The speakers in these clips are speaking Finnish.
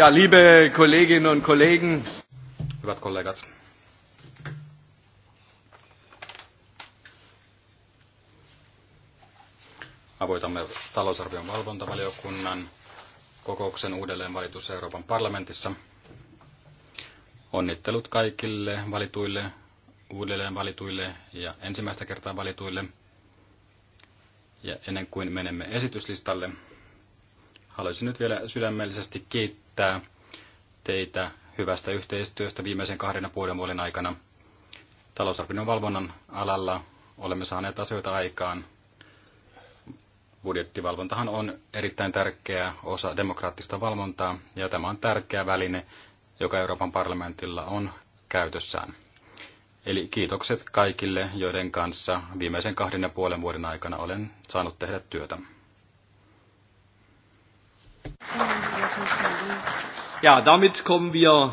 Ja, liebe Kolleginnen und Kollegen. Hyvät kollegat. Avoitamme talousarvion valvontavaliokunnan kokouksen uudelleen valitus Euroopan parlamentissa. Onnittelut kaikille valituille, uudelleen valituille ja ensimmäistä kertaa valituille. Ja ennen kuin menemme esityslistalle, haluaisin nyt vielä sydämellisesti kiittää teitä hyvästä yhteistyöstä viimeisen kahden ja puolen vuoden aikana. Talousarvion valvonnan alalla olemme saaneet asioita aikaan. Budjettivalvontahan on erittäin tärkeä osa demokraattista valvontaa ja tämä on tärkeä väline, joka Euroopan parlamentilla on käytössään. Eli kiitokset kaikille, joiden kanssa viimeisen kahden ja puolen vuoden aikana olen saanut tehdä työtä. Ja, damit kommen wir.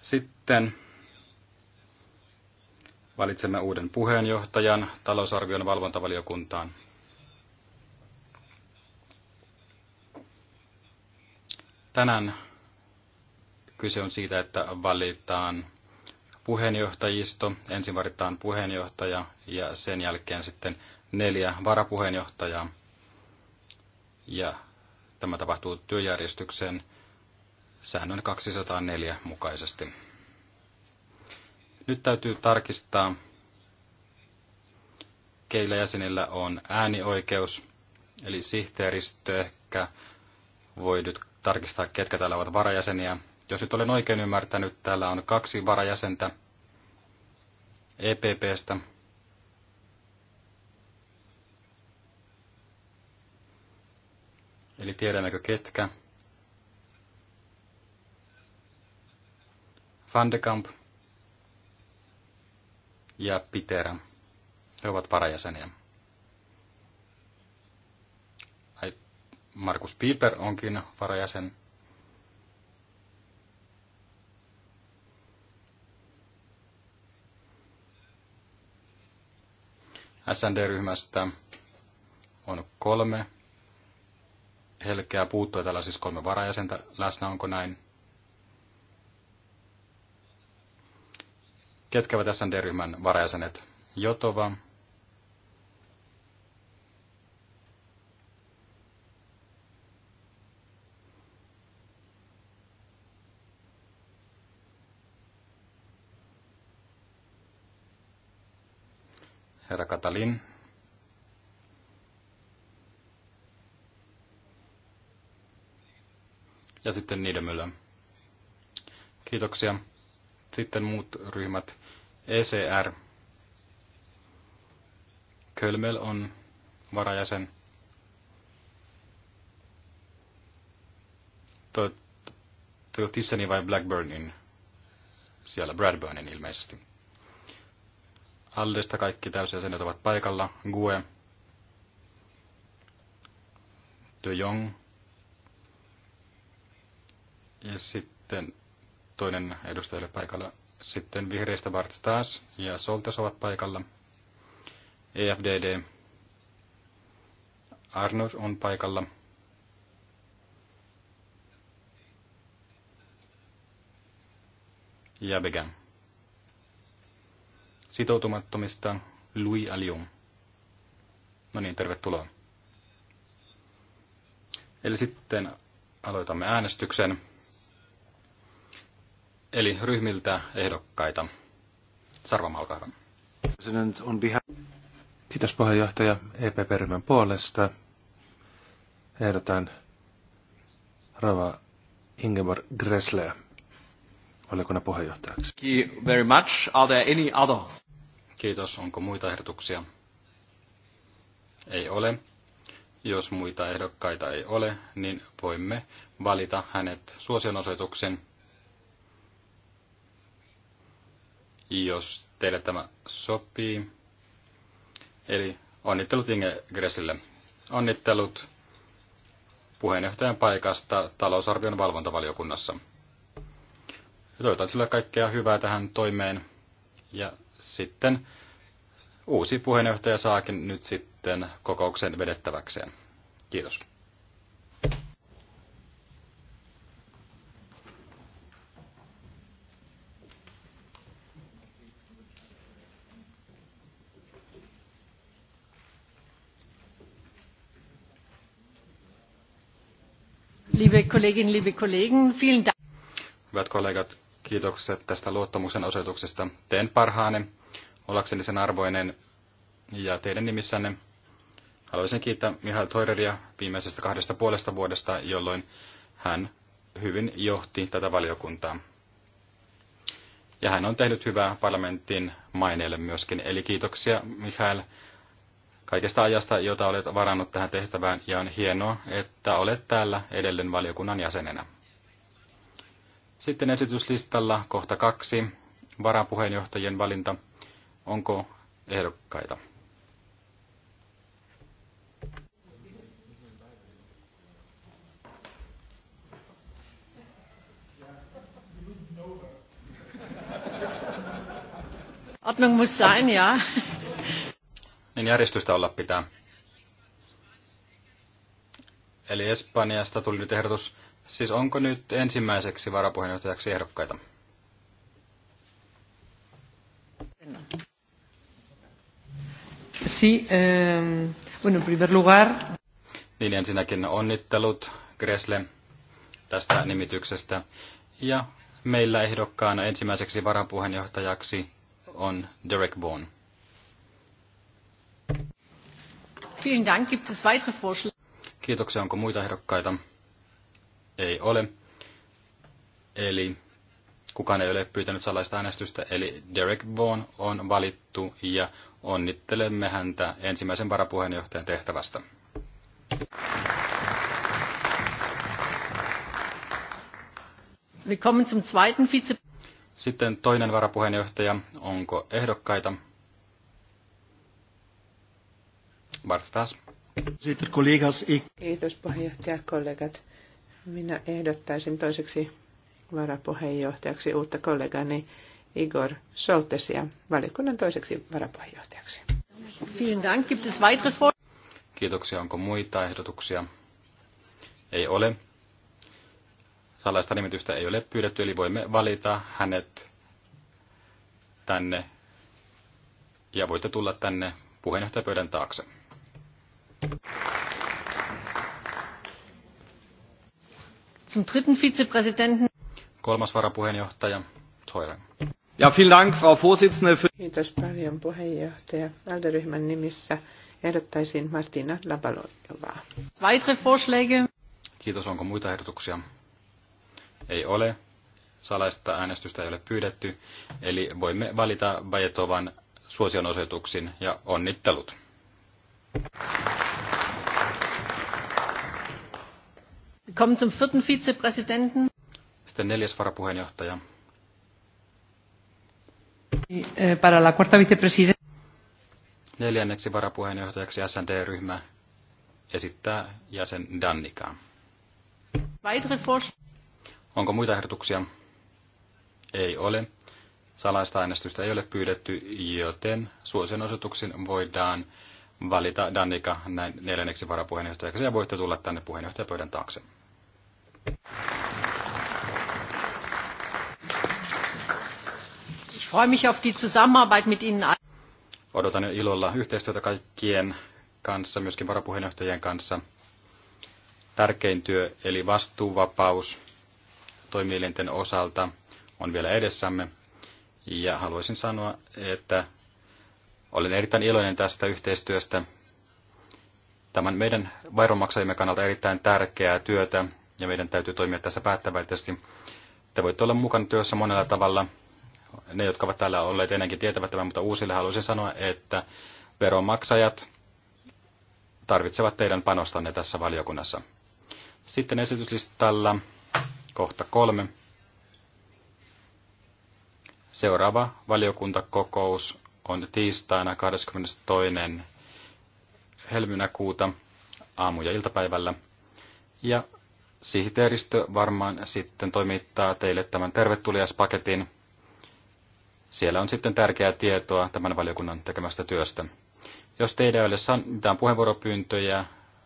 Sitten valitsemme uuden puheenjohtajan talousarvion valvontavaliokuntaan. Tänään kyse on siitä, että valitaan puheenjohtajisto. Ensin valitaan puheenjohtaja ja sen jälkeen sitten neljä varapuheenjohtajaa. Ja Tämä tapahtuu työjärjestyksen säännön 204 mukaisesti. Nyt täytyy tarkistaa, keillä jäsenillä on äänioikeus, eli sihteeristö ehkä voi nyt tarkistaa, ketkä täällä ovat varajäseniä. Jos nyt olen oikein ymmärtänyt, täällä on kaksi varajäsentä EPPstä, Eli tiedämmekö ketkä? Van de Kamp ja Pitera. He ovat varajäseniä. Markus Piper onkin varajäsen. SND-ryhmästä on kolme helkeä puuttua siis kolme varajäsentä läsnä, onko näin? Ketkä ovat tässä ryhmän varajäsenet? Jotova. Herra Katalin. ja sitten Niidemyllä. Kiitoksia. Sitten muut ryhmät. ECR. Kölmel on varajäsen. Toivottavasti Tissani vai Blackburnin? Siellä Bradburnin ilmeisesti. Aldesta kaikki täysjäsenet ovat paikalla. Gue. De Jong ja sitten toinen edustajalle paikalla. Sitten vihreistä Bart Stas ja Soltes ovat paikalla. EFDD. Arnold on paikalla. Ja Began. Sitoutumattomista Louis Alium. No niin, tervetuloa. Eli sitten aloitamme äänestyksen eli ryhmiltä ehdokkaita. Sarva olkaa Kiitos puheenjohtaja EPP-ryhmän puolesta. Ehdotan Rava Ingeborg Gressler valiokunnan puheenjohtajaksi. Thank you very much. Are there any other? Kiitos. Onko muita ehdotuksia? Ei ole. Jos muita ehdokkaita ei ole, niin voimme valita hänet suosionosoituksen. jos teille tämä sopii. Eli onnittelut Inge Gressille. Onnittelut puheenjohtajan paikasta talousarvion valvontavaliokunnassa. Toivotan sille kaikkea hyvää tähän toimeen. Ja sitten uusi puheenjohtaja saakin nyt sitten kokouksen vedettäväkseen. Kiitos. Liebe Kolleginnen, liebe Kollegen, vielen Dank. Hyvät kollegat, kiitokset tästä luottamuksen osoituksesta. Teen parhaani, ollakseni sen arvoinen ja teidän nimissänne. Haluaisin kiittää Mihail Toireria viimeisestä kahdesta puolesta vuodesta, jolloin hän hyvin johti tätä valiokuntaa. Ja hän on tehnyt hyvää parlamentin maineelle myöskin. Eli kiitoksia Mihail kaikesta ajasta, jota olet varannut tähän tehtävään, ja on hienoa, että olet täällä edelleen valiokunnan jäsenenä. Sitten esityslistalla kohta kaksi, varapuheenjohtajien valinta. Onko ehdokkaita? Ordnung muss sein, ja mihin järjestystä olla pitää. Eli Espanjasta tuli nyt ehdotus. Siis onko nyt ensimmäiseksi varapuheenjohtajaksi ehdokkaita? Sí, eh, bueno, en primer lugar... Niin ensinnäkin onnittelut Gresle tästä nimityksestä. Ja meillä ehdokkaana ensimmäiseksi varapuheenjohtajaksi on Derek Bone. Vielen Dank. Gibt es weitere Vorschläge? Kiitoksia. Onko muita ehdokkaita? Ei ole. Eli kukaan ei ole pyytänyt salaista äänestystä, eli Derek Vaughan on valittu ja onnittelemme häntä ensimmäisen varapuheenjohtajan tehtävästä. Sitten toinen varapuheenjohtaja. Onko ehdokkaita? Bart Kiitos puheenjohtaja, kollegat. Minä ehdottaisin toiseksi varapuheenjohtajaksi uutta kollegani Igor Soltesia valiokunnan toiseksi varapuheenjohtajaksi. Kiitoksia. Onko muita ehdotuksia? Ei ole. Salaista nimitystä ei ole pyydetty, eli voimme valita hänet tänne ja voitte tulla tänne puheenjohtajapöydän taakse. Zum dritten Vizepräsidenten. Kolmas varapuheenjohtaja Toilen. Ja, vielen Dank, Frau Vorsitzende. Für... Kiitos paljon puheenjohtaja. Alderyhmän nimissä ehdottaisin Martina Labalojovaa. Weitere Vorschläge? Kiitos. Onko muita ehdotuksia? Ei ole. Salaista äänestystä ei ole pyydetty, eli voimme valita Bajetovan suosionosoituksin ja onnittelut. Kommen zum vierten Vizepräsidenten. Sitten neljäs varapuheenjohtaja. Eh, para la cuarta vicepresidenta. Neljänneksi varapuheenjohtajaksi SND-ryhmä esittää jäsen Dannikaa. Onko muita ehdotuksia? Ei ole. Salaista äänestystä ei ole pyydetty, joten suosion osoituksin voidaan valita Dannika näin neljänneksi varapuheenjohtajaksi ja voitte tulla tänne puheenjohtajapöydän taakse. Ich freue mich auf die Zusammenarbeit mit Ihnen. Odotan jo ilolla yhteistyötä kaikkien kanssa, myöskin varapuheenjohtajien kanssa. Tärkein työ eli vastuuvapaus toimielinten osalta on vielä edessämme. Ja haluaisin sanoa, että olen erittäin iloinen tästä yhteistyöstä. Tämän meidän vaironmaksajimme kannalta erittäin tärkeää työtä, ja meidän täytyy toimia tässä päättäväisesti. Te voitte olla mukana työssä monella tavalla. Ne, jotka ovat täällä olleet ennenkin tietävät tämän, mutta uusille haluaisin sanoa, että veronmaksajat tarvitsevat teidän panostanne tässä valiokunnassa. Sitten esityslistalla kohta kolme. Seuraava valiokuntakokous on tiistaina 22. helmynäkuuta aamu- ja iltapäivällä. Ja sihteeristö varmaan sitten toimittaa teille tämän tervetuliaspaketin. Siellä on sitten tärkeää tietoa tämän valiokunnan tekemästä työstä. Jos teidän ei ole mitään puheenvuoropyyntöjä,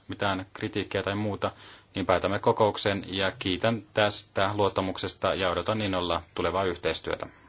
mitään kritiikkiä tai muuta, niin päätämme kokouksen ja kiitän tästä luottamuksesta ja odotan innolla tulevaa yhteistyötä.